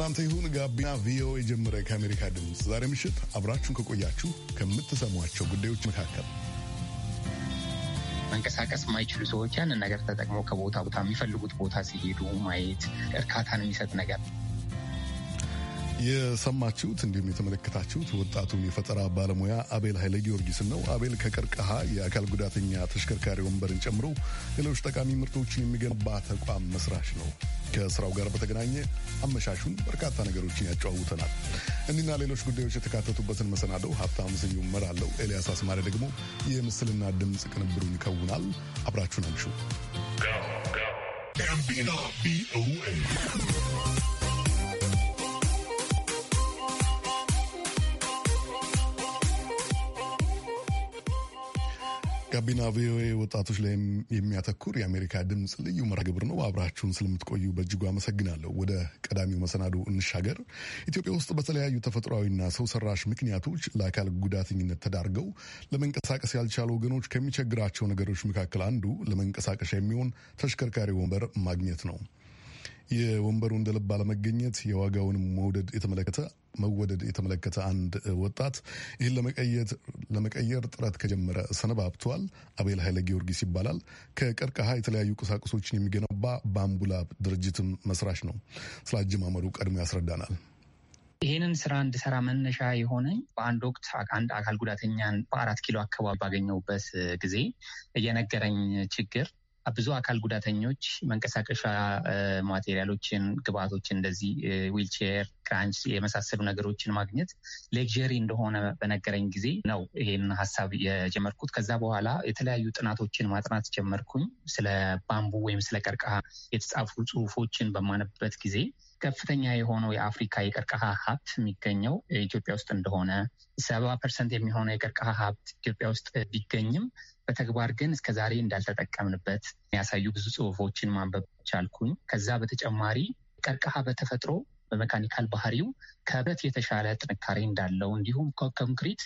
ከእናንተ ይሁን። ጋቢና ቪኦኤ ጀመረ ከአሜሪካ ድምፅ ዛሬ ምሽት አብራችሁን ከቆያችሁ ከምትሰሟቸው ጉዳዮች መካከል መንቀሳቀስ የማይችሉ ሰዎች ያንን ነገር ተጠቅመው ከቦታ ቦታ የሚፈልጉት ቦታ ሲሄዱ ማየት እርካታን የሚሰጥ ነገር የሰማችሁት እንዲሁም የተመለከታችሁት ወጣቱን የፈጠራ ባለሙያ አቤል ኃይለ ጊዮርጊስን ነው። አቤል ከቀርከሃ የአካል ጉዳተኛ ተሽከርካሪ ወንበርን ጨምሮ ሌሎች ጠቃሚ ምርቶችን የሚገነባ ተቋም መስራች ነው። ከስራው ጋር በተገናኘ አመሻሹን በርካታ ነገሮችን ያጨዋውተናል። እኒና ሌሎች ጉዳዮች የተካተቱበትን መሰናደው ሀብታሙ ስዩም እመራለሁ። ኤልያስ አስማሪ ደግሞ የምስልና ድምፅ ቅንብሩን ይከውናል። አብራችሁን አምሹ። ጋቢና ቪኦኤ ወጣቶች ላይ የሚያተኩር የአሜሪካ ድምፅ ልዩ መርሃ ግብር ነው። አብራችሁን ስለምትቆዩ በእጅጉ አመሰግናለሁ። ወደ ቀዳሚው መሰናዶ እንሻገር። ኢትዮጵያ ውስጥ በተለያዩ ተፈጥሯዊና ሰው ሰራሽ ምክንያቶች ለአካል ጉዳተኝነት ተዳርገው ለመንቀሳቀስ ያልቻሉ ወገኖች ከሚቸግራቸው ነገሮች መካከል አንዱ ለመንቀሳቀሻ የሚሆን ተሽከርካሪ ወንበር ማግኘት ነው። የወንበሩ እንደልብ አለመገኘት፣ የዋጋውንም መውደድ የተመለከተ መወደድ የተመለከተ አንድ ወጣት ይህን ለመቀየር ጥረት ከጀመረ ሰነባብቷል። አቤል ኃይለ ጊዮርጊስ ይባላል። ከቀርከሃ የተለያዩ ቁሳቁሶችን የሚገነባ በአምቡላብ ድርጅትም መስራች ነው። ስለ አጀማመሩ ቀድሞ ያስረዳናል። ይህንን ስራ እንድሰራ መነሻ የሆነኝ በአንድ ወቅት አንድ አካል ጉዳተኛን በአራት ኪሎ አካባቢ ባገኘሁበት ጊዜ እየነገረኝ ችግር ብዙ አካል ጉዳተኞች መንቀሳቀሻ ማቴሪያሎችን፣ ግብአቶችን እንደዚህ ዊልቼር፣ ክራንች የመሳሰሉ ነገሮችን ማግኘት ሌክዠሪ እንደሆነ በነገረኝ ጊዜ ነው ይህን ሀሳብ የጀመርኩት። ከዛ በኋላ የተለያዩ ጥናቶችን ማጥናት ጀመርኩኝ። ስለ ባምቡ ወይም ስለ ቀርቀሃ የተጻፉ ጽሁፎችን በማነበት ጊዜ ከፍተኛ የሆነው የአፍሪካ የቀርቀሃ ሀብት የሚገኘው ኢትዮጵያ ውስጥ እንደሆነ ሰባ ፐርሰንት የሚሆነው የቀርቀሃ ሀብት ኢትዮጵያ ውስጥ ቢገኝም በተግባር ግን እስከዛሬ እንዳልተጠቀምንበት የሚያሳዩ ብዙ ጽሁፎችን ማንበብ ቻልኩኝ። ከዛ በተጨማሪ ቀርከሃ በተፈጥሮ በመካኒካል ባህሪው ከብረት የተሻለ ጥንካሬ እንዳለው እንዲሁም ከኮንክሪት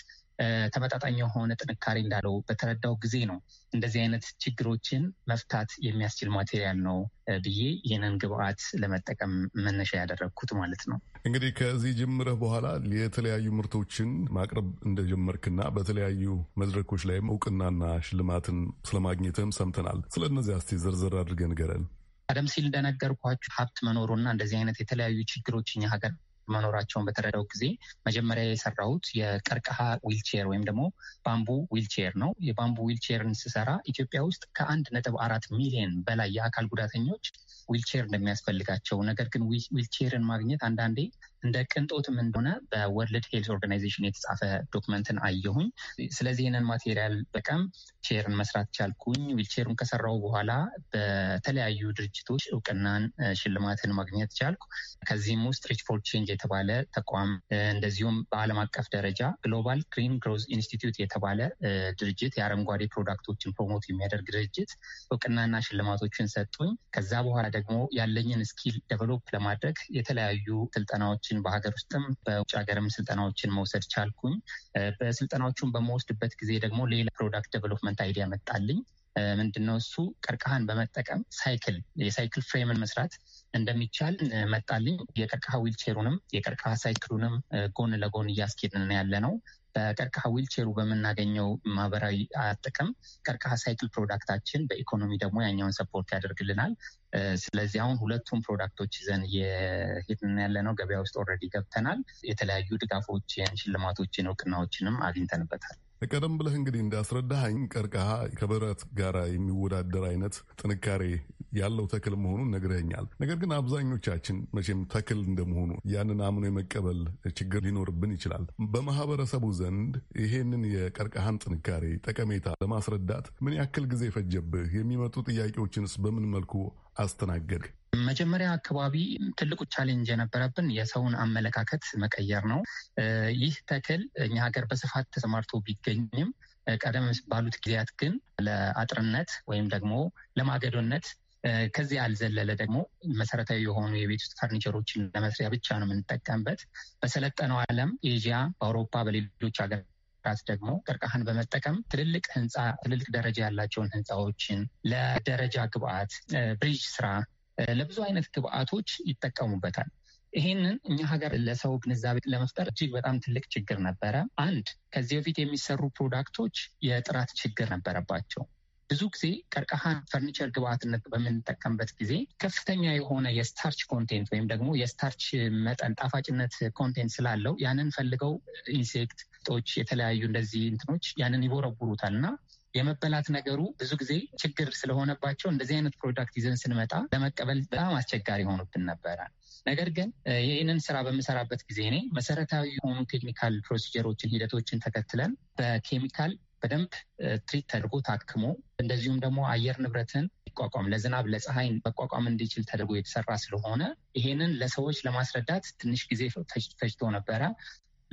ተመጣጣኝ የሆነ ጥንካሬ እንዳለው በተረዳው ጊዜ ነው እንደዚህ አይነት ችግሮችን መፍታት የሚያስችል ማቴሪያል ነው ብዬ ይህንን ግብአት ለመጠቀም መነሻ ያደረግኩት ማለት ነው። እንግዲህ ከዚህ ጀምረህ በኋላ የተለያዩ ምርቶችን ማቅረብ እንደጀመርክና በተለያዩ መድረኮች ላይም እውቅናና ሽልማትን ስለማግኘትም ሰምተናል። ስለ እነዚህ አስቲ ዝርዝር አድርገን ገረን ቀደም ሲል እንደነገርኳችሁ ሀብት መኖሩና እንደዚህ አይነት የተለያዩ ችግሮች እኛ ሀገር መኖራቸውን በተረዳው ጊዜ መጀመሪያ የሰራሁት የቀርቀሃ ዊልቼር ወይም ደግሞ ባምቡ ዊልቼር ነው። የባምቡ ዊልቼርን ስሰራ ኢትዮጵያ ውስጥ ከአንድ ነጥብ አራት ሚሊዮን በላይ የአካል ጉዳተኞች ዊልቼር እንደሚያስፈልጋቸው ነገር ግን ዊልቼርን ማግኘት አንዳንዴ እንደ ቅንጦትም እንደሆነ በወርልድ ሄልት ኦርጋናይዜሽን የተጻፈ ዶክመንትን አየሁኝ። ስለዚህ ይህንን ማቴሪያል በቀም ቼርን መስራት ቻልኩኝ። ዊልቼሩን ከሰራው በኋላ በተለያዩ ድርጅቶች እውቅናን፣ ሽልማትን ማግኘት ቻልኩ። ከዚህም ውስጥ ሪች ፎር ቼንጅ የተባለ ተቋም እንደዚሁም በዓለም አቀፍ ደረጃ ግሎባል ግሪን ግሮዝ ኢንስቲትዩት የተባለ ድርጅት የአረንጓዴ ፕሮዳክቶችን ፕሮሞት የሚያደርግ ድርጅት እውቅናና ሽልማቶችን ሰጡኝ። ከዛ በኋላ ደግሞ ያለኝን ስኪል ደቨሎፕ ለማድረግ የተለያዩ ስልጠናዎችን በሀገር ውስጥም በውጭ ሀገርም ስልጠናዎችን መውሰድ ቻልኩኝ። በስልጠናዎቹን በመወስድበት ጊዜ ደግሞ ሌላ ፕሮዳክት ደቨሎፕመንት አይዲያ መጣልኝ። ምንድነው እሱ ቀርቀሃን በመጠቀም ሳይክል የሳይክል ፍሬምን መስራት እንደሚቻል መጣልኝ። የቀርከሃ ዊልቼሩንም የቀርከሃ ሳይክሉንም ጎን ለጎን እያስኬድን ያለ ነው። በቀርከሃ ዊልቼሩ በምናገኘው ማህበራዊ ጥቅም ቀርቀሃ ሳይክል ፕሮዳክታችን በኢኮኖሚ ደግሞ ያኛውን ሰፖርት ያደርግልናል። ስለዚህ አሁን ሁለቱም ፕሮዳክቶች ይዘን የሄድን ያለ ነው። ገበያ ውስጥ ኦልሬዲ ገብተናል። የተለያዩ ድጋፎችን፣ ሽልማቶችን፣ እውቅናዎችንም አግኝተንበታል። ቀደም ብለህ እንግዲህ እንዳስረዳኸኝ ቀርከሃ ከብረት ጋር የሚወዳደር አይነት ጥንካሬ ያለው ተክል መሆኑን ነግረኛል። ነገር ግን አብዛኞቻችን መቼም ተክል እንደመሆኑ ያንን አምኖ የመቀበል ችግር ሊኖርብን ይችላል። በማህበረሰቡ ዘንድ ይሄንን የቀርከሃን ጥንካሬ ጠቀሜታ ለማስረዳት ምን ያክል ጊዜ ፈጀብህ? የሚመጡ ጥያቄዎችንስ በምን መልኩ አስተናገድክ? መጀመሪያ አካባቢ ትልቁ ቻሌንጅ የነበረብን የሰውን አመለካከት መቀየር ነው። ይህ ተክል እኛ ሀገር በስፋት ተሰማርቶ ቢገኝም ቀደም ባሉት ጊዜያት ግን ለአጥርነት ወይም ደግሞ ለማገዶነት ከዚህ ያልዘለለ ደግሞ መሰረታዊ የሆኑ የቤት ውስጥ ፈርኒቸሮችን ለመስሪያ ብቻ ነው የምንጠቀምበት። በሰለጠነው ዓለም ኤዥያ፣ በአውሮፓ፣ በሌሎች ሀገራት ደግሞ ቀርከሃን በመጠቀም ትልልቅ ህንፃ ትልልቅ ደረጃ ያላቸውን ህንፃዎችን ለደረጃ ግብአት ብሪጅ ስራ ለብዙ አይነት ግብአቶች ይጠቀሙበታል። ይህንን እኛ ሀገር ለሰው ግንዛቤ ለመፍጠር እጅግ በጣም ትልቅ ችግር ነበረ። አንድ ከዚህ በፊት የሚሰሩ ፕሮዳክቶች የጥራት ችግር ነበረባቸው። ብዙ ጊዜ ቀርከሃን ፈርኒቸር ግብአትነት በምንጠቀምበት ጊዜ ከፍተኛ የሆነ የስታርች ኮንቴንት ወይም ደግሞ የስታርች መጠን ጣፋጭነት ኮንቴንት ስላለው ያንን ፈልገው ኢንሴክት ጦች የተለያዩ እንደዚህ እንትኖች ያንን ይቦረቡሩታል እና የመበላት ነገሩ ብዙ ጊዜ ችግር ስለሆነባቸው እንደዚህ አይነት ፕሮዳክት ይዘን ስንመጣ ለመቀበል በጣም አስቸጋሪ ሆኑብን ነበረ። ነገር ግን ይህንን ስራ በምሰራበት ጊዜ እኔ መሰረታዊ የሆኑ ቴክኒካል ፕሮሲጀሮችን፣ ሂደቶችን ተከትለን በኬሚካል በደንብ ትሪት ተደርጎ ታክሞ እንደዚሁም ደግሞ አየር ንብረትን ይቋቋም ለዝናብ ለፀሐይ መቋቋም እንዲችል ተደርጎ የተሰራ ስለሆነ ይሄንን ለሰዎች ለማስረዳት ትንሽ ጊዜ ፈጅቶ ነበረ።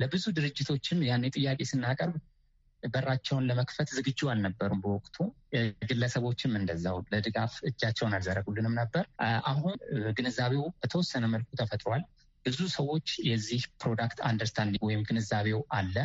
ለብዙ ድርጅቶችም ያኔ ጥያቄ ስናቀርብ በራቸውን ለመክፈት ዝግጁ አልነበሩም። በወቅቱ ግለሰቦችም እንደዛው ለድጋፍ እጃቸውን አልዘረጉልንም ነበር። አሁን ግንዛቤው በተወሰነ መልኩ ተፈጥሯል። ብዙ ሰዎች የዚህ ፕሮዳክት አንደርስታንድ ወይም ግንዛቤው አለ።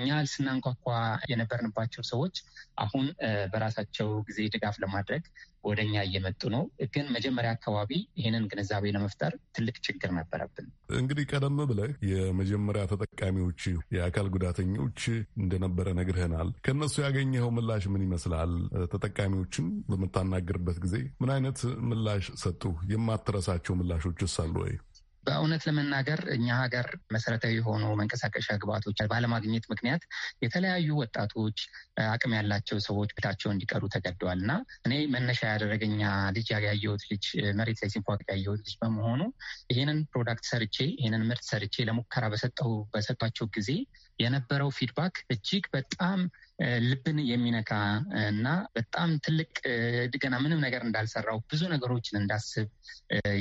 እኛ ስናንኳኳ የነበርንባቸው ሰዎች አሁን በራሳቸው ጊዜ ድጋፍ ለማድረግ ወደ እኛ እየመጡ ነው። ግን መጀመሪያ አካባቢ ይህንን ግንዛቤ ለመፍጠር ትልቅ ችግር ነበረብን። እንግዲህ ቀደም ብለህ የመጀመሪያ ተጠቃሚዎች የአካል ጉዳተኞች እንደነበረ ነግርህናል። ከእነሱ ያገኘኸው ምላሽ ምን ይመስላል? ተጠቃሚዎችን በምታናገርበት ጊዜ ምን አይነት ምላሽ ሰጡ? የማትረሳቸው ምላሾችስ አሉ ወይ? በእውነት ለመናገር እኛ ሀገር መሰረታዊ የሆኑ መንቀሳቀሻ ግብዓቶች ባለማግኘት ምክንያት የተለያዩ ወጣቶች አቅም ያላቸው ሰዎች ቤታቸው እንዲቀሩ ተገደዋል እና እኔ መነሻ ያደረገኛ ልጅ ያየሁት ልጅ መሬት ላይ ሲንፏቅ ያየሁት ልጅ በመሆኑ ይህንን ፕሮዳክት ሰርቼ ይህንን ምርት ሰርቼ ለሙከራ በሰጠው በሰጧቸው ጊዜ የነበረው ፊድባክ እጅግ በጣም ልብን የሚነካ እና በጣም ትልቅ ገና ምንም ነገር እንዳልሰራው ብዙ ነገሮችን እንዳስብ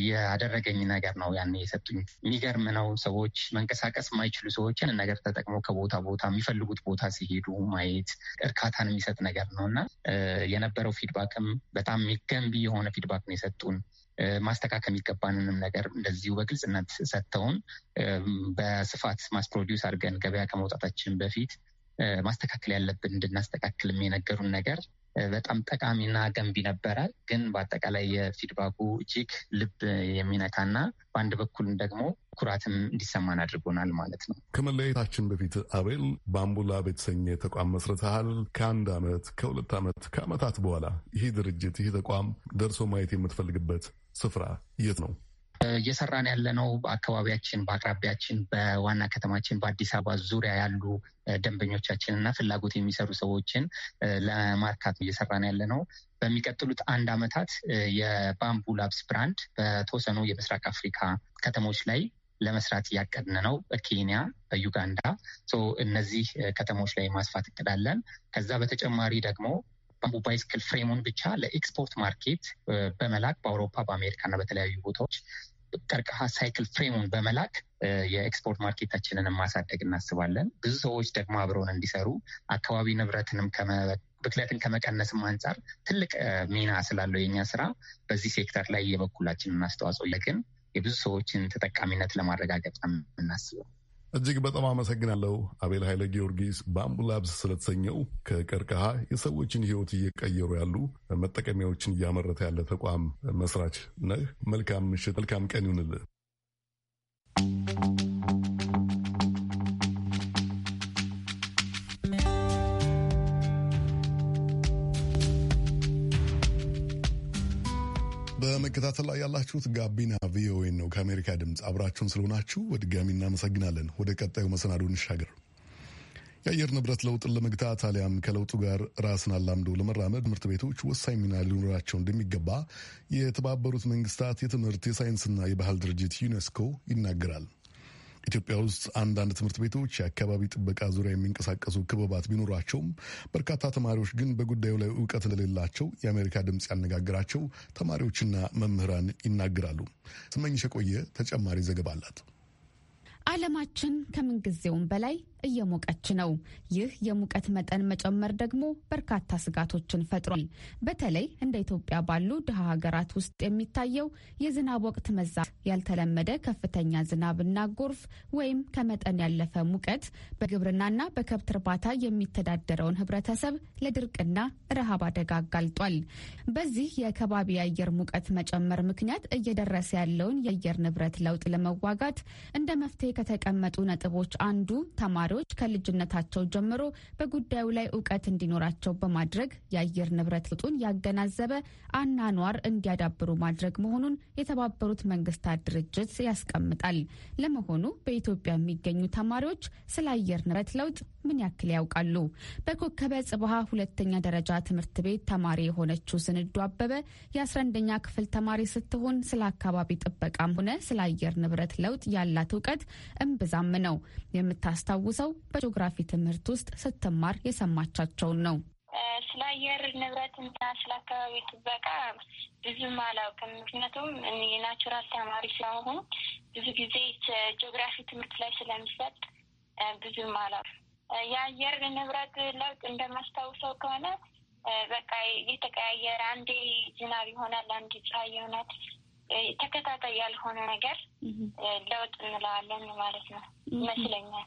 ያደረገኝ ነገር ነው። ያን የሰጡኝ የሚገርም ነው። ሰዎች መንቀሳቀስ የማይችሉ ሰዎች ያንን ነገር ተጠቅሞ ከቦታ ቦታ የሚፈልጉት ቦታ ሲሄዱ ማየት እርካታን የሚሰጥ ነገር ነው እና የነበረው ፊድባክም በጣም ገንቢ የሆነ ፊድባክ ነው የሰጡን። ማስተካከል የሚገባንንም ነገር እንደዚሁ በግልጽነት ሰጥተውን በስፋት ማስፕሮዲውስ አድርገን ገበያ ከመውጣታችን በፊት ማስተካከል ያለብን እንድናስተካክልም የነገሩን ነገር በጣም ጠቃሚና ገንቢ ነበረ። ግን በአጠቃላይ የፊድባኩ እጅግ ልብ የሚነካና በአንድ በኩል ደግሞ ኩራትም እንዲሰማን አድርጎናል ማለት ነው። ከመለያየታችን በፊት አቤል በአምቡላ የተሰኘ ተቋም መስርተሃል። ከአንድ ዓመት ከሁለት ዓመት ከዓመታት በኋላ ይህ ድርጅት ይህ ተቋም ደርሶ ማየት የምትፈልግበት ስፍራ የት ነው? እየሰራን ያለ ነው በአካባቢያችን በአቅራቢያችን በዋና ከተማችን በአዲስ አበባ ዙሪያ ያሉ ደንበኞቻችን እና ፍላጎት የሚሰሩ ሰዎችን ለማርካት እየሰራን ያለ ነው። በሚቀጥሉት አንድ ዓመታት የባምቡ ላብስ ብራንድ በተወሰኑ የምስራቅ አፍሪካ ከተሞች ላይ ለመስራት እያቀድን ነው። በኬንያ፣ በዩጋንዳ እነዚህ ከተሞች ላይ ማስፋት እቅዳለን። ከዛ በተጨማሪ ደግሞ ባምቡ ባይስክል ፍሬሙን ብቻ ለኤክስፖርት ማርኬት በመላክ በአውሮፓ፣ በአሜሪካ እና በተለያዩ ቦታዎች ቀርከሃ ሳይክል ፍሬሙን በመላክ የኤክስፖርት ማርኬታችንን ማሳደግ እናስባለን። ብዙ ሰዎች ደግሞ አብረውን እንዲሰሩ አካባቢ ንብረትንም ብክለትን ከመቀነስም አንጻር ትልቅ ሚና ስላለው የኛ ስራ በዚህ ሴክተር ላይ የበኩላችንን አስተዋጽኦ ለግን የብዙ ሰዎችን ተጠቃሚነት ለማረጋገጥ የምናስበው እጅግ በጣም አመሰግናለሁ። አቤል ኃይለ ጊዮርጊስ በአምቡላብስ ስለተሰኘው ከቀርከሃ የሰዎችን ሕይወት እየቀየሩ ያሉ መጠቀሚያዎችን እያመረተ ያለ ተቋም መስራች ነህ። መልካም ምሽት፣ መልካም ቀን ይሁንልህ። በመከታተል ላይ ያላችሁት ጋቢና ቪኦኤ ነው ከአሜሪካ ድምፅ። አብራችሁን ስለሆናችሁ በድጋሚ እናመሰግናለን። ወደ ቀጣዩ መሰናዶ እንሻገር። የአየር ንብረት ለውጥን ለመግታት አሊያም ከለውጡ ጋር ራስን አላምዶ ለመራመድ ትምህርት ቤቶች ወሳኝ ሚና ሊኖራቸው እንደሚገባ የተባበሩት መንግስታት የትምህርት የሳይንስና የባህል ድርጅት ዩኔስኮ ይናገራል። ኢትዮጵያ ውስጥ አንዳንድ ትምህርት ቤቶች የአካባቢ ጥበቃ ዙሪያ የሚንቀሳቀሱ ክበባት ቢኖሯቸውም በርካታ ተማሪዎች ግን በጉዳዩ ላይ እውቀት እንደሌላቸው የአሜሪካ ድምፅ ያነጋግራቸው ተማሪዎችና መምህራን ይናገራሉ። ስመኝሽ የቆየ ተጨማሪ ዘገባ አላት። ዓለማችን ከምንጊዜውም በላይ እየሞቀች ነው። ይህ የሙቀት መጠን መጨመር ደግሞ በርካታ ስጋቶችን ፈጥሯል። በተለይ እንደ ኢትዮጵያ ባሉ ድሃ ሀገራት ውስጥ የሚታየው የዝናብ ወቅት መዛ ያልተለመደ ከፍተኛ ዝናብና ጎርፍ ወይም ከመጠን ያለፈ ሙቀት በግብርናና በከብት እርባታ የሚተዳደረውን ህብረተሰብ ለድርቅና ረሃብ አደጋ አጋልጧል። በዚህ የከባቢ የአየር ሙቀት መጨመር ምክንያት እየደረሰ ያለውን የአየር ንብረት ለውጥ ለመዋጋት እንደ መፍትሄ ከተቀመጡ ነጥቦች አንዱ ተማሪ ነዋሪዎች ከልጅነታቸው ጀምሮ በጉዳዩ ላይ እውቀት እንዲኖራቸው በማድረግ የአየር ንብረት ለውጡን ያገናዘበ አኗኗር እንዲያዳብሩ ማድረግ መሆኑን የተባበሩት መንግስታት ድርጅት ያስቀምጣል። ለመሆኑ በኢትዮጵያ የሚገኙ ተማሪዎች ስለ አየር ንብረት ለውጥ ምን ያክል ያውቃሉ? በኮከበ ጽብሃ ሁለተኛ ደረጃ ትምህርት ቤት ተማሪ የሆነችው ስንዱ አበበ የአስራአንደኛ ክፍል ተማሪ ስትሆን ስለ አካባቢ ጥበቃም ሆነ ስለ አየር ንብረት ለውጥ ያላት እውቀት እምብዛም ነው። የምታስታውሰው በጂኦግራፊ ትምህርት ውስጥ ስትማር የሰማቻቸውን ነው። ስለ አየር ንብረትና ስለ አካባቢ ጥበቃ ብዙም አላውቅም። ምክንያቱም እኔ የናቹራል ተማሪ ስለሆኑ ብዙ ጊዜ ጂኦግራፊ ትምህርት ላይ ስለሚሰጥ ብዙም አላውቅም። የአየር ንብረት ለውጥ እንደማስታውሰው ከሆነ በቃ የተቀያየረ አንዴ ዝናብ ይሆናል፣ አንዴ ፀሐይ ይሆናል። ተከታታይ ያልሆነ ነገር ለውጥ እንለዋለን ማለት ነው ይመስለኛል።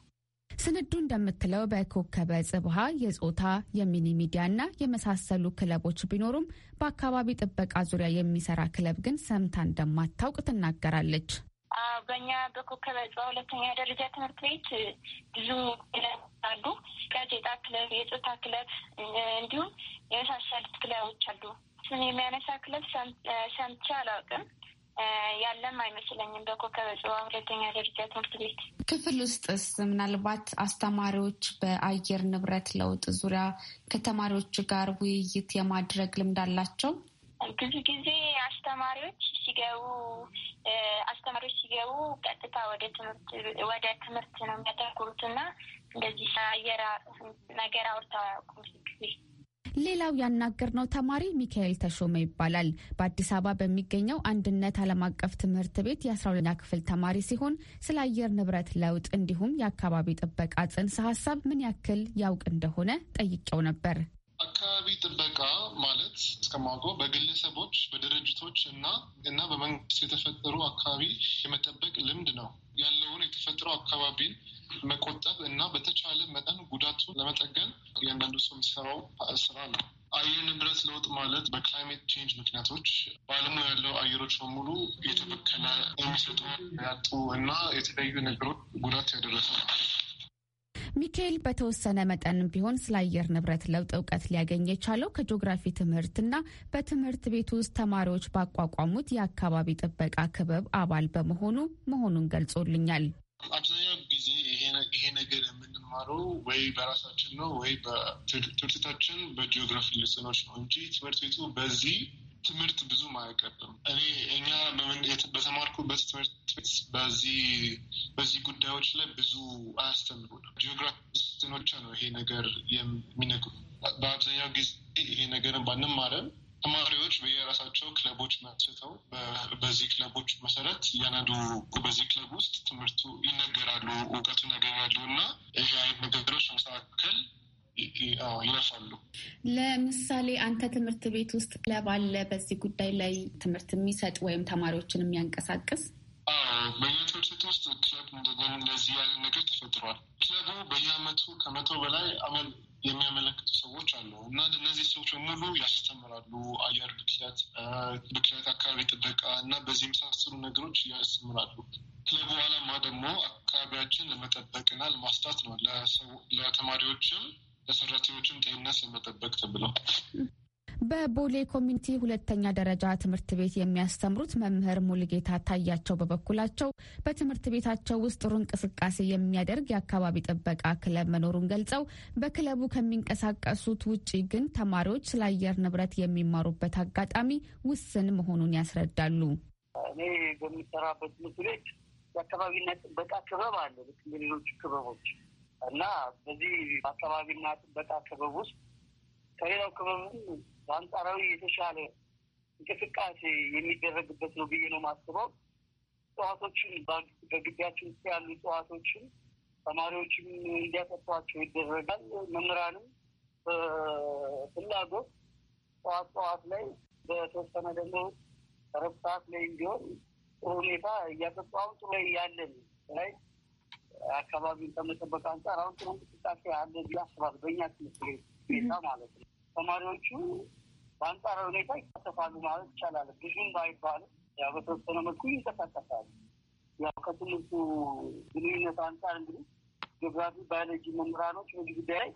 ስንዱ እንደምትለው በኮከበ ጽብሃ የጾታ የሚኒ ሚዲያ እና የመሳሰሉ ክለቦች ቢኖሩም በአካባቢ ጥበቃ ዙሪያ የሚሰራ ክለብ ግን ሰምታ እንደማታውቅ ትናገራለች። በእኛ በኮከበ ጽዋ ሁለተኛ ደረጃ ትምህርት ቤት ብዙ አሉ። ጋዜጣ ክለብ፣ የጾታ ክለብ እንዲሁም የመሳሰሉት ክለቦች አሉ። ስም የሚያነሳ ክለብ ሰምቼ አላውቅም። ያለም አይመስለኝም። በኮከበ ጽዋ ሁለተኛ ደረጃ ትምህርት ቤት ክፍል ውስጥስ ምናልባት አስተማሪዎች በአየር ንብረት ለውጥ ዙሪያ ከተማሪዎች ጋር ውይይት የማድረግ ልምድ አላቸው? ብዙ ጊዜ አስተማሪዎች ሲገቡ አስተማሪዎች ሲገቡ ቀጥታ ወደ ትምህርት ወደ ትምህርት ነው የሚያተኩሩት እና እንደዚህ ሳየራ ነገር አውርተው አያውቁም ብዙ ጊዜ። ሌላው ነው ተማሪ ሚካኤል ተሾመ ይባላል። በአዲስ አበባ በሚገኘው አንድነት ዓለም አቀፍ ትምህርት ቤት የአስራ ኛ ክፍል ተማሪ ሲሆን ስለ አየር ንብረት ለውጥ እንዲሁም የአካባቢ ጥበቃ ጽንሰ ሀሳብ ምን ያክል ያውቅ እንደሆነ ጠይቄው ነበር። አካባቢ ጥበቃ ማለት እስከማውቀው በግለሰቦች በድርጅቶች እና እና በመንግስት የተፈጠሩ አካባቢ የመጠበቅ ልምድ ነው። ያለውን የተፈጥሮ አካባቢን መቆጠብ እና በተቻለ መጠን ጉዳቱን ለመጠገን እያንዳንዱ ሰው የሚሰራው ስራ ነው። አየር ንብረት ለውጥ ማለት በክላይሜት ቼንጅ ምክንያቶች በዓለሙ ያለው አየሮች በሙሉ የተበከለ የሚሰጡ ያጡ እና የተለያዩ ነገሮች ጉዳት ያደረሰ ነው። ሚካኤል በተወሰነ መጠን ቢሆን ስለ አየር ንብረት ለውጥ እውቀት ሊያገኝ የቻለው ከጂኦግራፊ ትምህርትና በትምህርት ቤት ውስጥ ተማሪዎች ባቋቋሙት የአካባቢ ጥበቃ ክበብ አባል በመሆኑ መሆኑን ገልጾልኛል። አብዛኛው ጊዜ ይሄ ነገር የምንማረው ወይ በራሳችን ነው ወይ ትምህርት በጂኦግራፊ ልስኖች ነው እንጂ ትምህርት ቤቱ በዚህ ትምህርት ብዙም አያቀርብም። እኔ እኛ በተማርኩበት ትምህርት ቤት በዚህ ጉዳዮች ላይ ብዙ አያስተምሩንም። ጂኦግራፊ ስኖቻ ነው ይሄ ነገር የሚነግሩ በአብዛኛው ጊዜ ይሄ ነገርን ባንማረም ተማሪዎች በየራሳቸው ክለቦች መስተው በዚህ ክለቦች መሰረት ያነዱ በዚህ ክለብ ውስጥ ትምህርቱ ይነገራሉ፣ እውቀቱ ይነገራሉ እና ይሄ አይነት ነገሮች መካከል ይመርሳሉ። ለምሳሌ አንተ ትምህርት ቤት ውስጥ ክለብ አለ፣ በዚህ ጉዳይ ላይ ትምህርት የሚሰጥ ወይም ተማሪዎችን የሚያንቀሳቅስ በየትምህርት ቤት ውስጥ ክለብ እንደዚህ ያለ ነገር ተፈጥሯል። ክለቡ በየአመቱ ከመቶ በላይ አመል የሚያመለክቱ ሰዎች አሉ እና እነዚህ ሰዎች በሙሉ ያስተምራሉ። አየር ብክለት፣ ብክለት፣ አካባቢ ጥበቃ እና በዚህ የመሳሰሉ ነገሮች ያስተምራሉ። ክለቡ ዓላማ ደግሞ አካባቢያችን ለመጠበቅና ለማስታት ነው። ለተማሪዎችም ለሰራተኞችም ጤንነት ለመጠበቅ ተብለው በቦሌ ኮሚኒቲ ሁለተኛ ደረጃ ትምህርት ቤት የሚያስተምሩት መምህር ሙልጌታ ታያቸው በበኩላቸው በትምህርት ቤታቸው ውስጥ ጥሩ እንቅስቃሴ የሚያደርግ የአካባቢ ጥበቃ ክለብ መኖሩን ገልጸው በክለቡ ከሚንቀሳቀሱት ውጪ ግን ተማሪዎች ስለ አየር ንብረት የሚማሩበት አጋጣሚ ውስን መሆኑን ያስረዳሉ። እኔ በሚሰራበት ትምህርት ቤት የአካባቢና ጥበቃ ክበብ አለ ልክ ክበቦች እና በዚህ አካባቢና ጥበቃ ክበብ ውስጥ ከሌላው ክበብም በአንጻራዊ የተሻለ እንቅስቃሴ የሚደረግበት ነው ብዬ ነው ማስበው። እጽዋቶችን በግቢያችን ውስጥ ያሉ እጽዋቶችን ተማሪዎችም እንዲያጠጧቸው ይደረጋል። መምህራንም በፍላጎት ጠዋት ጠዋት ላይ በተወሰነ ደግሞ ረብ ሰዓት ላይ እንዲሆን ጥሩ ሁኔታ እያጠጧም ጥሩ ላይ ያለን ላይ አካባቢን ከመጠበቅ አንጻር አሁን ጥሩ እንቅስቃሴ አለ ብዬ አስባለሁ። በእኛ ትምህርት ቤት ሁኔታ ማለት ነው ተማሪዎቹ በአንጻራዊ ሁኔታ ይሳተፋሉ ማለት ይቻላል። ብዙም ባይባልም ያው በተወሰነ መልኩ ይንቀሳቀሳሉ። ያው ከትምህርቱ ግንኙነት አንጻር እንግዲህ ጂኦግራፊ፣ ባዮሎጂ መምህራኖች በዚህ ጉዳይ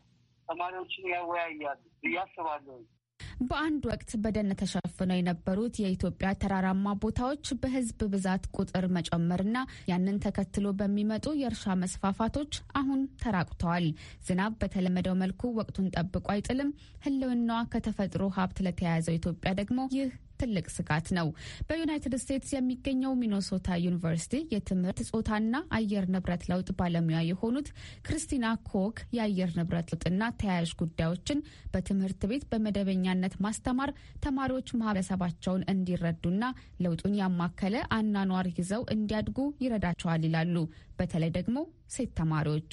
ተማሪዎችን ያወያያሉ ብዬ አስባለሁ። በአንድ ወቅት በደን ተሸፍነው የነበሩት የኢትዮጵያ ተራራማ ቦታዎች በህዝብ ብዛት ቁጥር መጨመርና ያንን ተከትሎ በሚመጡ የእርሻ መስፋፋቶች አሁን ተራቁተዋል። ዝናብ በተለመደው መልኩ ወቅቱን ጠብቆ አይጥልም። ህልውናዋ ከተፈጥሮ ሀብት ለተያያዘው ኢትዮጵያ ደግሞ ይህ ትልቅ ስጋት ነው። በዩናይትድ ስቴትስ የሚገኘው ሚኖሶታ ዩኒቨርሲቲ የትምህርት ጾታና አየር ንብረት ለውጥ ባለሙያ የሆኑት ክርስቲና ኮክ የአየር ንብረት ለውጥና ተያያዥ ጉዳዮችን በትምህርት ቤት በመደበኛነት ማስተማር ተማሪዎች ማህበረሰባቸውን እንዲረዱና ለውጡን ያማከለ አናኗር ይዘው እንዲያድጉ ይረዳቸዋል ይላሉ። በተለይ ደግሞ ሴት ተማሪዎች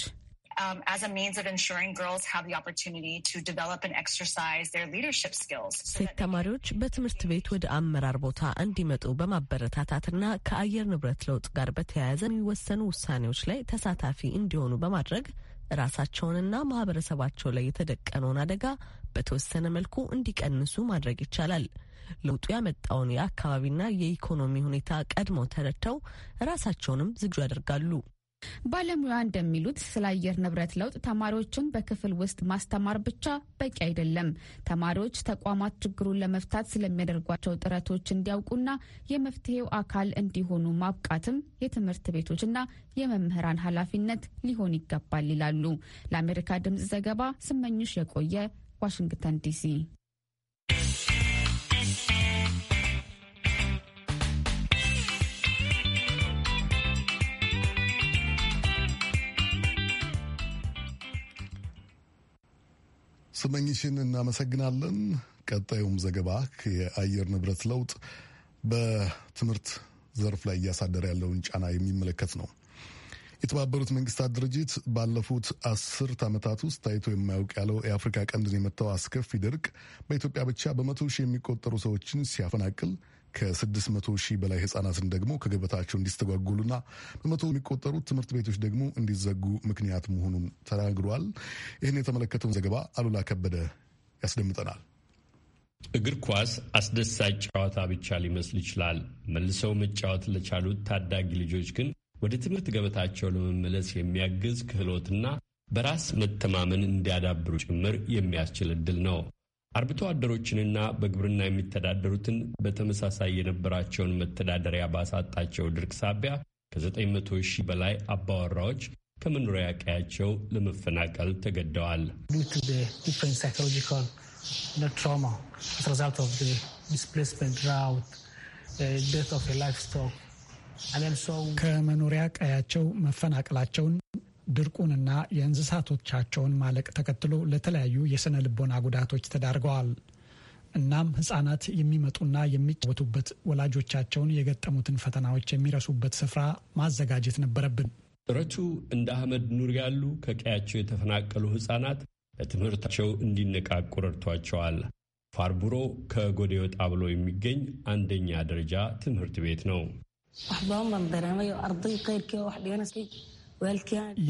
um, as a means of ensuring girls have the opportunity to develop and exercise their leadership skills. ሴት ተማሪዎች በትምህርት ቤት ወደ አመራር ቦታ እንዲመጡ በማበረታታትና ከአየር ንብረት ለውጥ ጋር በተያያዘ የሚወሰኑ ውሳኔዎች ላይ ተሳታፊ እንዲሆኑ በማድረግ ራሳቸውንና ማህበረሰባቸው ላይ የተደቀነውን አደጋ በተወሰነ መልኩ እንዲቀንሱ ማድረግ ይቻላል። ለውጡ ያመጣውን የአካባቢና የኢኮኖሚ ሁኔታ ቀድመው ተረድተው ራሳቸውንም ዝግጁ ያደርጋሉ። ባለሙያ እንደሚሉት ስለ አየር ንብረት ለውጥ ተማሪዎችን በክፍል ውስጥ ማስተማር ብቻ በቂ አይደለም። ተማሪዎች ተቋማት ችግሩን ለመፍታት ስለሚያደርጓቸው ጥረቶች እንዲያውቁና የመፍትሄው አካል እንዲሆኑ ማብቃትም የትምህርት ቤቶችና የመምህራን ኃላፊነት ሊሆን ይገባል ይላሉ። ለአሜሪካ ድምጽ ዘገባ ስመኝሽ የቆየ ዋሽንግተን ዲሲ ስመኝሽን እናመሰግናለን። ቀጣዩም ዘገባ የአየር ንብረት ለውጥ በትምህርት ዘርፍ ላይ እያሳደረ ያለውን ጫና የሚመለከት ነው። የተባበሩት መንግስታት ድርጅት ባለፉት አስርት ዓመታት ውስጥ ታይቶ የማያውቅ ያለው የአፍሪካ ቀንድን የመታው አስከፊ ድርቅ በኢትዮጵያ ብቻ በመቶ ሺህ የሚቆጠሩ ሰዎችን ሲያፈናቅል ከ600 ሺህ በላይ ህጻናትን ደግሞ ከገበታቸው እንዲስተጓጎሉና በመቶ የሚቆጠሩ ትምህርት ቤቶች ደግሞ እንዲዘጉ ምክንያት መሆኑን ተናግሯል። ይህን የተመለከተውን ዘገባ አሉላ ከበደ ያስደምጠናል። እግር ኳስ አስደሳች ጨዋታ ብቻ ሊመስል ይችላል። መልሰው መጫወት ለቻሉት ታዳጊ ልጆች ግን ወደ ትምህርት ገበታቸው ለመመለስ የሚያግዝ ክህሎትና በራስ መተማመን እንዲያዳብሩ ጭምር የሚያስችል ዕድል ነው። አርብቶ አደሮችንና በግብርና የሚተዳደሩትን በተመሳሳይ የነበራቸውን መተዳደሪያ ባሳጣቸው ድርቅ ሳቢያ ከ900 ሺህ በላይ አባወራዎች ከመኖሪያ ቀያቸው ለመፈናቀል ተገደዋል። uh, ከመኖሪያ ቀያቸው መፈናቀላቸውን ድርቁንና የእንስሳቶቻቸውን ማለቅ ተከትሎ ለተለያዩ የሥነ ልቦና ጉዳቶች ተዳርገዋል። እናም ህጻናት የሚመጡና የሚጫወቱበት ወላጆቻቸውን የገጠሙትን ፈተናዎች የሚረሱበት ስፍራ ማዘጋጀት ነበረብን። ጥረቱ እንደ አህመድ ኑር ያሉ ከቀያቸው የተፈናቀሉ ህጻናት ለትምህርታቸው እንዲነቃቁ ረድቷቸዋል። ፋርቡሮ ከጎዴ ወጣ ብሎ የሚገኝ አንደኛ ደረጃ ትምህርት ቤት ነው።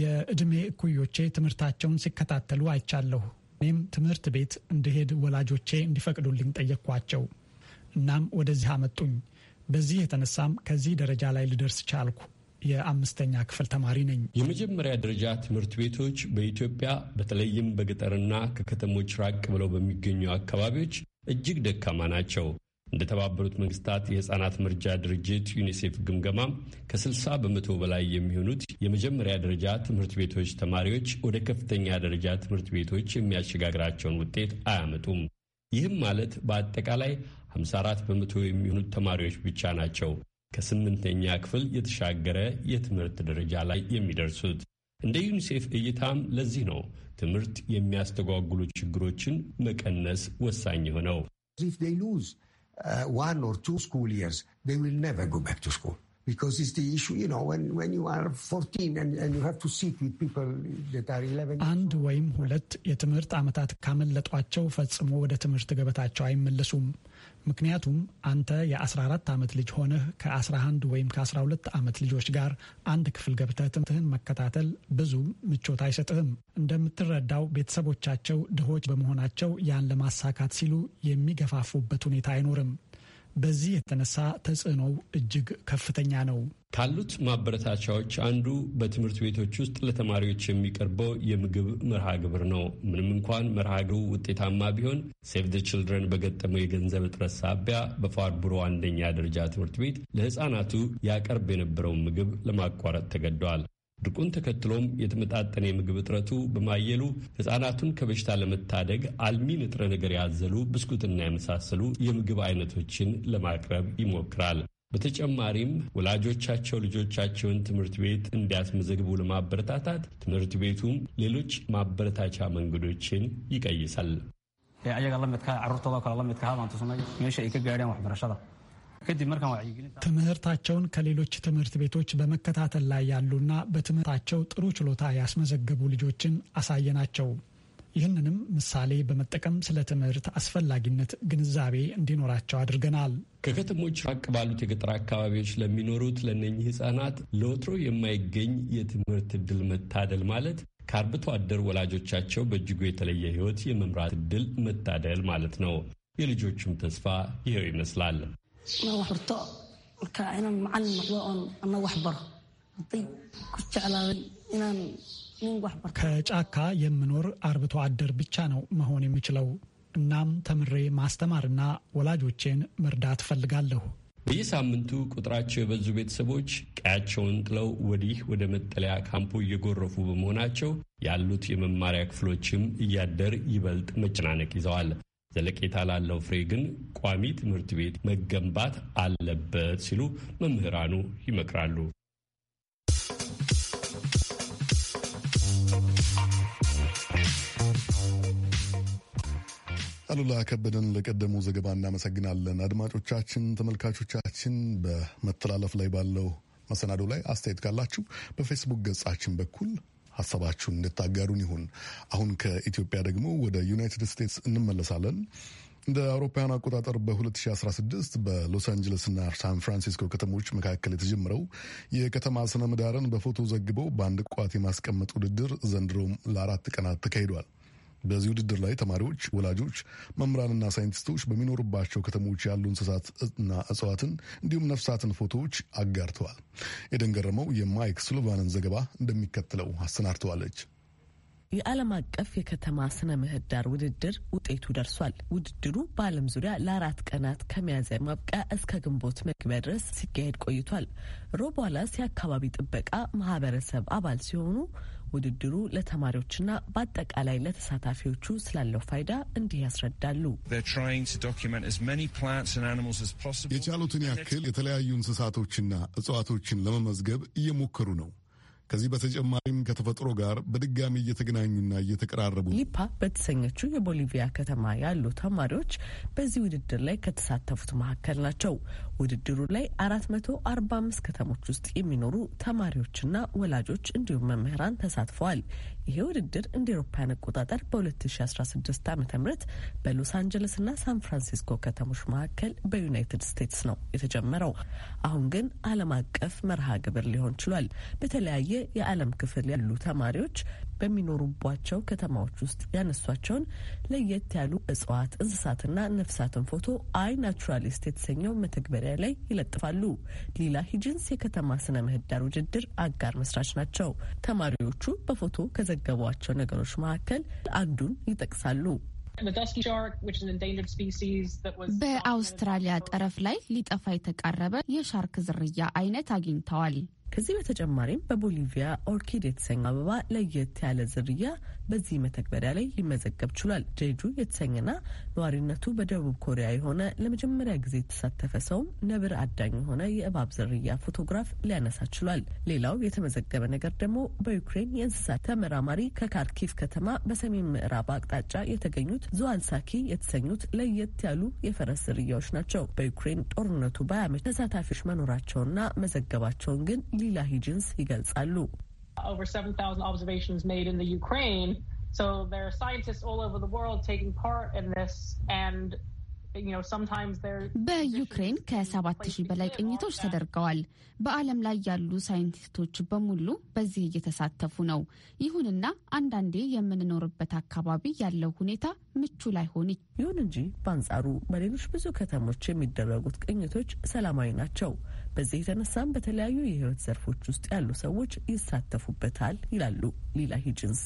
የእድሜ እኩዮቼ ትምህርታቸውን ሲከታተሉ አይቻለሁ። እኔም ትምህርት ቤት እንድሄድ ወላጆቼ እንዲፈቅዱልኝ ጠየቅኳቸው። እናም ወደዚህ አመጡኝ። በዚህ የተነሳም ከዚህ ደረጃ ላይ ልደርስ ቻልኩ። የአምስተኛ ክፍል ተማሪ ነኝ። የመጀመሪያ ደረጃ ትምህርት ቤቶች በኢትዮጵያ በተለይም በገጠርና ከከተሞች ራቅ ብለው በሚገኙ አካባቢዎች እጅግ ደካማ ናቸው። እንደተባበሩት መንግስታት የህፃናት ምርጃ ድርጅት ዩኒሴፍ ግምገማ ከ60 በመቶ በላይ የሚሆኑት የመጀመሪያ ደረጃ ትምህርት ቤቶች ተማሪዎች ወደ ከፍተኛ ደረጃ ትምህርት ቤቶች የሚያሸጋግራቸውን ውጤት አያመጡም። ይህም ማለት በአጠቃላይ 54 በመቶ የሚሆኑት ተማሪዎች ብቻ ናቸው ከስምንተኛ ክፍል የተሻገረ የትምህርት ደረጃ ላይ የሚደርሱት። እንደ ዩኒሴፍ እይታም ለዚህ ነው ትምህርት የሚያስተጓጉሉ ችግሮችን መቀነስ ወሳኝ የሆነው። uh, one or two school years, they will never go back to school because it's the issue, you know, when, when you are 14 and, and you have to sit with people that are 11. አንድ ወይም ሁለት የትምህርት ዓመታት ካመለጧቸው ፈጽሞ ወደ ትምህርት ገበታቸው አይመለሱም። ምክንያቱም አንተ የ14 ዓመት ልጅ ሆነህ ከ11 ወይም ከ12 ዓመት ልጆች ጋር አንድ ክፍል ገብተህ ትምህርትህን መከታተል ብዙ ምቾት አይሰጥህም። እንደምትረዳው ቤተሰቦቻቸው ድሆች በመሆናቸው ያን ለማሳካት ሲሉ የሚገፋፉበት ሁኔታ አይኖርም። በዚህ የተነሳ ተጽዕኖው እጅግ ከፍተኛ ነው። ካሉት ማበረታቻዎች አንዱ በትምህርት ቤቶች ውስጥ ለተማሪዎች የሚቀርበው የምግብ መርሃ ግብር ነው። ምንም እንኳን መርሃ ግብሩ ውጤታማ ቢሆን ሴቭ ዘ ችልድረን በገጠመው የገንዘብ እጥረት ሳቢያ በፋርቡሮ አንደኛ ደረጃ ትምህርት ቤት ለሕፃናቱ ያቀርብ የነበረውን ምግብ ለማቋረጥ ተገደዋል። ድርቁን ተከትሎም የተመጣጠነ የምግብ እጥረቱ በማየሉ ህጻናቱን ከበሽታ ለመታደግ አልሚ ንጥረ ነገር ያዘሉ ብስኩትና የመሳሰሉ የምግብ አይነቶችን ለማቅረብ ይሞክራል። በተጨማሪም ወላጆቻቸው ልጆቻቸውን ትምህርት ቤት እንዲያስመዘግቡ ለማበረታታት ትምህርት ቤቱም ሌሎች ማበረታቻ መንገዶችን ይቀይሳል። ayaga la midka kale la midka ha meesha ay ka waxbarashada ትምህርታቸውን ከሌሎች ትምህርት ቤቶች በመከታተል ላይ ያሉና በትምህርታቸው ጥሩ ችሎታ ያስመዘገቡ ልጆችን አሳየናቸው። ይህንንም ምሳሌ በመጠቀም ስለ ትምህርት አስፈላጊነት ግንዛቤ እንዲኖራቸው አድርገናል። ከከተሞች ራቅ ባሉት የገጠር አካባቢዎች ለሚኖሩት ለእነኚህ ህጻናት ለወትሮ የማይገኝ የትምህርት እድል መታደል ማለት ከአርብቶ አደር ወላጆቻቸው በእጅጉ የተለየ ህይወት የመምራት እድል መታደል ማለት ነው። የልጆቹም ተስፋ ይኸው ይመስላል። inaan wax barto marka inaan macalin noqdo oon ana wax baro arday ku jeclaaday inaan nin wax baro ከጫካ የምኖር አርብቶ አደር ብቻ ነው መሆን የምችለው። እናም ተምሬ ማስተማርና ወላጆቼን መርዳት ፈልጋለሁ። በየሳምንቱ ቁጥራቸው የበዙ ቤተሰቦች ቀያቸውን ጥለው ወዲህ ወደ መጠለያ ካምፑ እየጎረፉ በመሆናቸው ያሉት የመማሪያ ክፍሎችም እያደር ይበልጥ መጨናነቅ ይዘዋል። ዘለቄታ ላለው ፍሬ ግን ቋሚ ትምህርት ቤት መገንባት አለበት ሲሉ መምህራኑ ይመክራሉ። አሉላ ከበደን ለቀደመው ዘገባ እናመሰግናለን። አድማጮቻችን፣ ተመልካቾቻችን በመተላለፍ ላይ ባለው መሰናዶ ላይ አስተያየት ካላችሁ በፌስቡክ ገጻችን በኩል ሀሳባችሁን እንድታጋሩን ይሁን። አሁን ከኢትዮጵያ ደግሞ ወደ ዩናይትድ ስቴትስ እንመለሳለን። እንደ አውሮፓውያን አቆጣጠር በ2016 በሎስ አንጀለስና ሳን ፍራንሲስኮ ከተሞች መካከል የተጀመረው የከተማ ስነ ምህዳርን በፎቶ ዘግበው በአንድ ቋት የማስቀመጥ ውድድር ዘንድሮም ለአራት ቀናት ተካሂዷል። በዚህ ውድድር ላይ ተማሪዎች፣ ወላጆች፣ መምህራንና ሳይንቲስቶች በሚኖሩባቸው ከተሞች ያሉ እንስሳትና እጽዋትን እንዲሁም ነፍሳትን ፎቶዎች አጋርተዋል። የደንገረመው የማይክ ሱሉቫንን ዘገባ እንደሚከተለው አሰናድተዋለች። የዓለም አቀፍ የከተማ ስነ ምህዳር ውድድር ውጤቱ ደርሷል። ውድድሩ በዓለም ዙሪያ ለአራት ቀናት ከሚያዝያ ማብቂያ እስከ ግንቦት መግቢያ ድረስ ሲካሄድ ቆይቷል። ሮቧላስ የአካባቢ ጥበቃ ማህበረሰብ አባል ሲሆኑ ውድድሩ ለተማሪዎችና በአጠቃላይ ለተሳታፊዎቹ ስላለው ፋይዳ እንዲህ ያስረዳሉ። የቻሉትን ያክል የተለያዩ እንስሳቶችና እጽዋቶችን ለመመዝገብ እየሞከሩ ነው። ከዚህ በተጨማሪም ከተፈጥሮ ጋር በድጋሚ እየተገናኙና እየተቀራረቡ ሊፓ በተሰኘችው የቦሊቪያ ከተማ ያሉ ተማሪዎች በዚህ ውድድር ላይ ከተሳተፉት መካከል ናቸው። ውድድሩ ላይ 445 ከተሞች ውስጥ የሚኖሩ ተማሪዎችና ወላጆች እንዲሁም መምህራን ተሳትፈዋል። ይሄ ውድድር እንደ ኤሮፓያን አቆጣጠር በ2016 ዓ ም በሎስ አንጀለስና ሳን ፍራንሲስኮ ከተሞች መካከል በዩናይትድ ስቴትስ ነው የተጀመረው። አሁን ግን ዓለም አቀፍ መርሃ ግብር ሊሆን ችሏል። በተለያየ የዓለም ክፍል ያሉ ተማሪዎች በሚኖሩባቸው ከተማዎች ውስጥ ያነሷቸውን ለየት ያሉ እጽዋት፣ እንስሳትና ነፍሳትን ፎቶ አይ ናቹራሊስት የተሰኘው መተግበሪያ ላይ ይለጥፋሉ። ሊላ ሂጅንስ የከተማ ስነ ምህዳር ውድድር አጋር መስራች ናቸው። ተማሪዎቹ በፎቶ ከዘገቧቸው ነገሮች መካከል አንዱን ይጠቅሳሉ። በአውስትራሊያ ጠረፍ ላይ ሊጠፋ የተቃረበ የሻርክ ዝርያ አይነት አግኝተዋል። ከዚህ በተጨማሪም በቦሊቪያ ኦርኪድ የተሰኘ አበባ ለየት ያለ ዝርያ በዚህ መተግበሪያ ላይ ሊመዘገብ ችሏል። ጄጁ የተሰኘና ነዋሪነቱ በደቡብ ኮሪያ የሆነ ለመጀመሪያ ጊዜ የተሳተፈ ሰውም ነብር አዳኝ የሆነ የእባብ ዝርያ ፎቶግራፍ ሊያነሳ ችሏል። ሌላው የተመዘገበ ነገር ደግሞ በዩክሬን የእንስሳት ተመራማሪ ከካርኪቭ ከተማ በሰሜን ምዕራብ አቅጣጫ የተገኙት ዙዋንሳኪ የተሰኙት ለየት ያሉ የፈረስ ዝርያዎች ናቸው። በዩክሬን ጦርነቱ ባያመች ተሳታፊዎች መኖራቸውና መዘገባቸውን ግን Over 7,000 observations made in the Ukraine. So there are scientists all over the world taking part in this, and በዩክሬን ከሰባት ሺህ በላይ ቅኝቶች ተደርገዋል። በዓለም ላይ ያሉ ሳይንቲስቶች በሙሉ በዚህ እየተሳተፉ ነው። ይሁንና አንዳንዴ የምንኖርበት አካባቢ ያለው ሁኔታ ምቹ ላይሆን ይሁን እንጂ በአንጻሩ በሌሎች ብዙ ከተሞች የሚደረጉት ቅኝቶች ሰላማዊ ናቸው። በዚህ የተነሳም በተለያዩ የህይወት ዘርፎች ውስጥ ያሉ ሰዎች ይሳተፉበታል ይላሉ ሊላ ሂጅንስ።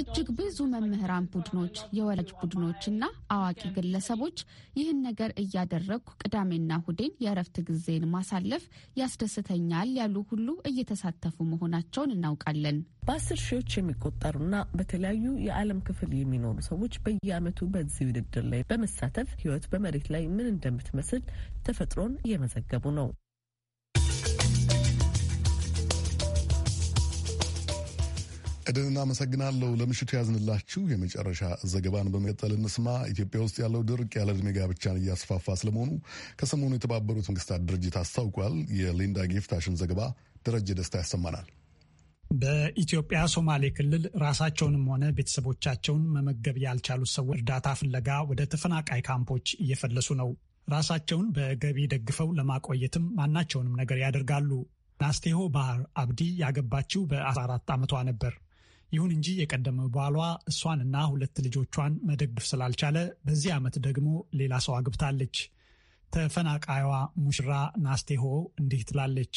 እጅግ ብዙ መምህራን ቡድኖች፣ የወላጅ ቡድኖች እና አዋቂ ግለሰቦች ይህን ነገር እያደረግኩ ቅዳሜና እሁዴን የእረፍት ጊዜን ማሳለፍ ያስደስተኛል ያሉ ሁሉ እየተሳተፉ መሆናቸውን እናውቃለን። በአስር ሺዎች የሚቆጠሩና በተለያዩ የዓለም ክፍል የሚኖሩ ሰዎች በየዓመቱ በዚህ ውድድር ላይ በመሳተፍ ሕይወት በመሬት ላይ ምን እንደምትመስል ተፈጥሮን እየመዘገቡ ነው። እድን እናመሰግናለሁ። ለምሽቱ ያዝንላችሁ የመጨረሻ ዘገባን በመቀጠል እንስማ። ኢትዮጵያ ውስጥ ያለው ድርቅ ያለ ዕድሜ ጋብቻን እያስፋፋ ስለመሆኑ ከሰሞኑ የተባበሩት መንግስታት ድርጅት አስታውቋል። የሊንዳ ጌፍታሽን ዘገባ ደረጀ ደስታ ያሰማናል። በኢትዮጵያ ሶማሌ ክልል ራሳቸውንም ሆነ ቤተሰቦቻቸውን መመገብ ያልቻሉት ሰዎች እርዳታ ፍለጋ ወደ ተፈናቃይ ካምፖች እየፈለሱ ነው። ራሳቸውን በገቢ ደግፈው ለማቆየትም ማናቸውንም ነገር ያደርጋሉ። ናስቴሆ ባህር አብዲ ያገባችው በ14 ዓመቷ ነበር። ይሁን እንጂ የቀደመ ባሏ እሷንና ሁለት ልጆቿን መደግፍ ስላልቻለ በዚህ ዓመት ደግሞ ሌላ ሰው አግብታለች። ተፈናቃይዋ ሙሽራ ናስቴሆ እንዲህ ትላለች።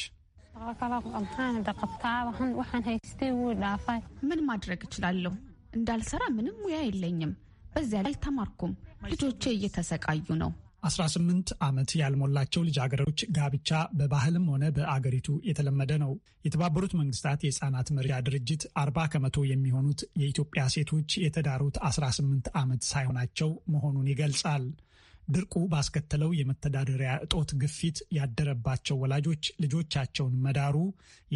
ምን ማድረግ እችላለሁ? እንዳልሰራ ምንም ሙያ የለኝም። በዚያ ላይ ተማርኩም ልጆቼ እየተሰቃዩ ነው። 18 ዓመት ያልሞላቸው ልጃገረዶች ጋብቻ በባህልም ሆነ በአገሪቱ የተለመደ ነው። የተባበሩት መንግስታት የህፃናት መርጃ ድርጅት 40 ከመቶ የሚሆኑት የኢትዮጵያ ሴቶች የተዳሩት 18 ዓመት ሳይሆናቸው መሆኑን ይገልጻል። ድርቁ ባስከተለው የመተዳደሪያ እጦት ግፊት ያደረባቸው ወላጆች ልጆቻቸውን መዳሩ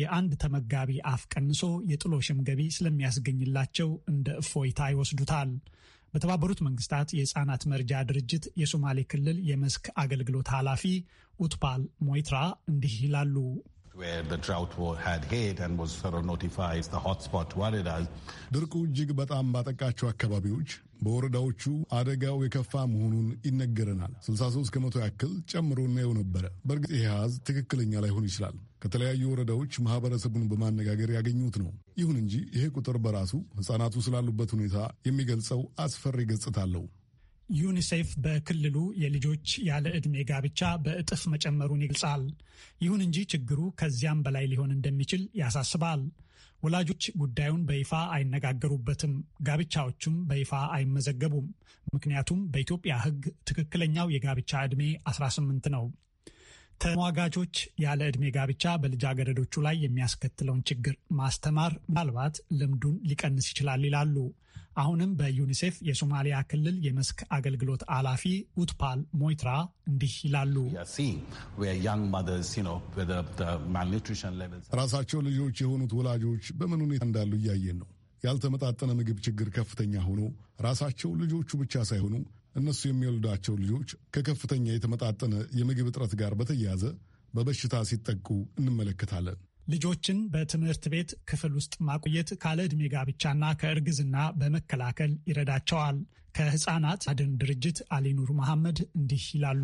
የአንድ ተመጋቢ አፍ ቀንሶ የጥሎሽም ገቢ ስለሚያስገኝላቸው እንደ እፎይታ ይወስዱታል። በተባበሩት መንግስታት የህፃናት መርጃ ድርጅት የሶማሌ ክልል የመስክ አገልግሎት ኃላፊ ኡትፓል ሞይትራ እንዲህ ይላሉ። ድርቁ እጅግ በጣም ባጠቃቸው አካባቢዎች በወረዳዎቹ አደጋው የከፋ መሆኑን ይነገረናል። 63 ከመቶ ያክል ጨምሮ እናየው ነበረ። በእርግጥ ይህ አሃዝ ትክክለኛ ላይሆን ይችላል። ከተለያዩ ወረዳዎች ማህበረሰቡን በማነጋገር ያገኙት ነው። ይሁን እንጂ ይሄ ቁጥር በራሱ ሕፃናቱ ስላሉበት ሁኔታ የሚገልጸው አስፈሪ ገጽታ አለው። ዩኒሴፍ በክልሉ የልጆች ያለ ዕድሜ ጋብቻ በእጥፍ መጨመሩን ይገልጻል። ይሁን እንጂ ችግሩ ከዚያም በላይ ሊሆን እንደሚችል ያሳስባል። ወላጆች ጉዳዩን በይፋ አይነጋገሩበትም፣ ጋብቻዎቹም በይፋ አይመዘገቡም። ምክንያቱም በኢትዮጵያ ሕግ ትክክለኛው የጋብቻ ዕድሜ 18 ነው። ተሟጋቾች ያለ ዕድሜ ጋብቻ በልጃገረዶቹ ላይ የሚያስከትለውን ችግር ማስተማር ምናልባት ልምዱን ሊቀንስ ይችላል ይላሉ። አሁንም በዩኒሴፍ የሶማሊያ ክልል የመስክ አገልግሎት ኃላፊ ኡትፓል ሞይትራ እንዲህ ይላሉ። ራሳቸው ልጆች የሆኑት ወላጆች በምን ሁኔታ እንዳሉ እያየን ነው። ያልተመጣጠነ ምግብ ችግር ከፍተኛ ሆኖ ራሳቸው ልጆቹ ብቻ ሳይሆኑ እነሱ የሚወልዷቸው ልጆች ከከፍተኛ የተመጣጠነ የምግብ እጥረት ጋር በተያያዘ በበሽታ ሲጠቁ እንመለከታለን። ልጆችን በትምህርት ቤት ክፍል ውስጥ ማቆየት ካለ ዕድሜ ጋብቻና ከእርግዝና በመከላከል ይረዳቸዋል። ከህፃናት አድን ድርጅት አሊኑር መሐመድ እንዲህ ይላሉ።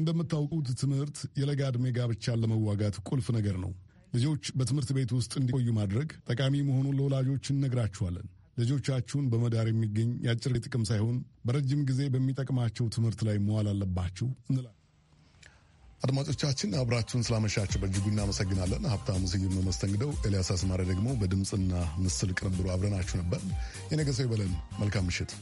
እንደምታውቁት ትምህርት የለጋ ዕድሜ ጋብቻን ለመዋጋት ቁልፍ ነገር ነው። ልጆች በትምህርት ቤት ውስጥ እንዲቆዩ ማድረግ ጠቃሚ መሆኑን ለወላጆች እነግራችኋለን። ልጆቻችሁን በመዳር የሚገኝ የአጭር ጥቅም ሳይሆን በረጅም ጊዜ በሚጠቅማቸው ትምህርት ላይ መዋል አለባችሁ እንላለን። አድማጮቻችን አብራችሁን ስላመሻችሁ በእጅጉ እናመሰግናለን። ሀብታሙ ስዩም መስተንግደው፣ ኤልያስ አስማሪ ደግሞ በድምፅና ምስል ቅንብሩ አብረናችሁ ነበር። የነገ ሰው ይበለን። መልካም ምሽት።